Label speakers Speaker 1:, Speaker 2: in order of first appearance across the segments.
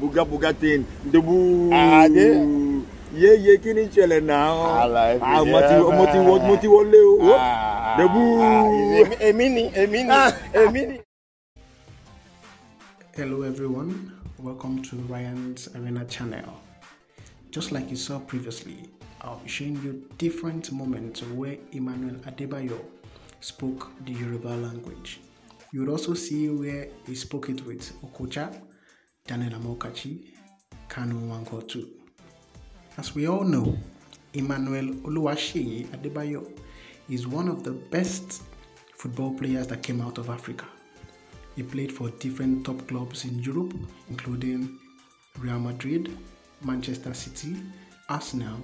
Speaker 1: Buga buga thing. The boo. Ye ye kí ni ìṣẹ̀lẹ̀ náà. Àmọ́ ti mo ti wọ mo ti wọlé o. The ah, ah,
Speaker 2: boo.
Speaker 1: Ah,
Speaker 2: Hello everyone, welcome to Ryan's Arena channel. Just like you saw previously, I'll be showing you different moments where Emmanuel Adebayo spoke the Yoruba language. You will also see where he spoke it with Okocha, Daniel Amokachi, Kanu Wankotu. As we all know, Emmanuel Oluwaseyi Adebayo is one of the best football players that came out of Africa. He played for different top clubs in Europe, including Real Madrid, Manchester City, Arsenal,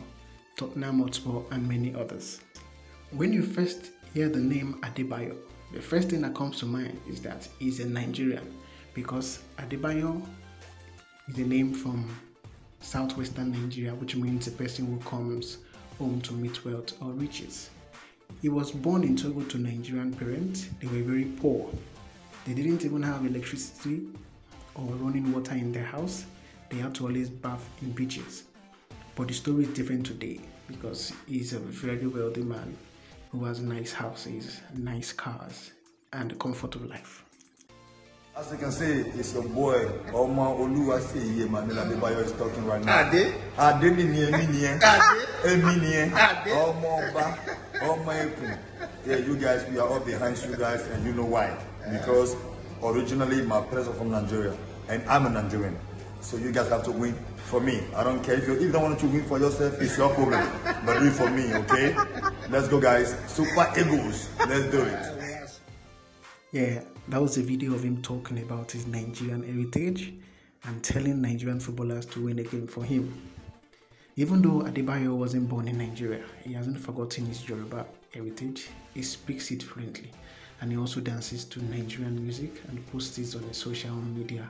Speaker 2: Tottenham Hotspur, and many others. When you first hear the name Adebayo, the first thing that comes to mind is that he's a Nigerian because Adebayo is a name from southwestern Nigeria, which means a person who comes home to meet wealth or riches. He was born in Togo to Nigerian parents. They were very poor. They didn't even have electricity or running water in their house. They had to always bath in beaches. But the story is different today because he's a very wealthy man who has nice houses, nice cars, and a comfortable life.
Speaker 1: As you can see, it's your boy, Oma Man, Manila Adebayo is talking right now. Ade? Ade ni ni emi ni Ade? Emi Ade? ọba, Yeah, you guys, we are all behind you guys and you know why. Because originally my parents are from Nigeria and I'm a Nigerian. So you guys have to win for me. I don't care if you, if you don't want to win for yourself, it's your problem. But win for me, okay? Let's go guys. Super Eagles. Let's do it.
Speaker 2: Yeah, that was a video of him talking about his Nigerian heritage and telling Nigerian footballers to win a game for him. Even though Adebayo wasn't born in Nigeria, he hasn't forgotten his Yoruba heritage. He speaks it fluently and he also dances to Nigerian music and posts it on his social media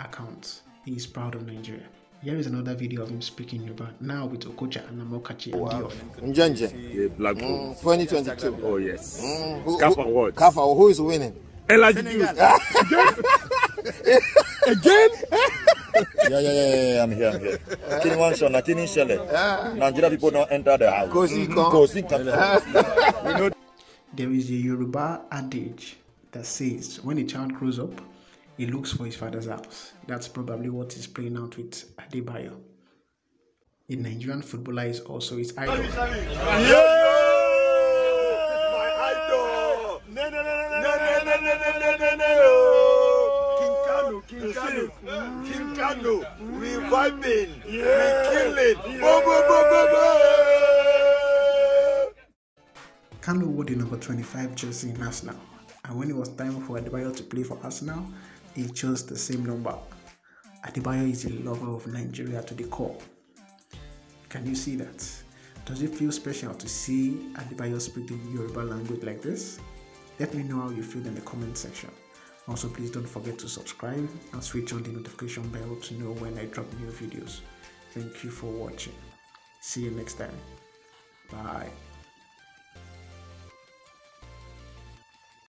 Speaker 2: accounts. He is proud of Nigeria. Here is another video of him speaking Yoruba, now with Okocha and Amokachi
Speaker 1: wow. and Diof. Njenje. The Black mm, 2022. Oh, yes. Mm, Kafa what? Kafa, who is winning? Elijah Again? Again? yeah, yeah, yeah, yeah, I'm here, I'm here. Kini wan shona, kini shele. Nigeria people don't enter the house. Kosi kon. Mm-hmm. Kosi kon.
Speaker 2: There is a Yoruba adage that says, when a child grows up, he looks for his father's house. That's probably what is playing out with Adebayo. A Nigerian footballer is also his idol. Yeah!
Speaker 1: My idol! No, no, no, no, no, no, no, no, no, no, King Kano, King Kano, reviving, rekilling, bo bo bo bo bo!
Speaker 2: Kano wore the number 25 jersey in Arsenal and when it was time for Adebayo to play for Arsenal, he chose the same number. Adebayo is a lover of Nigeria to the core. Can you see that? Does it feel special to see Adebayo speak the Yoruba language like this? Let me know how you feel in the comment section. Also, please don't forget to subscribe and switch on the notification bell to know when I drop new videos. Thank you for watching. See you next time.
Speaker 1: Bye.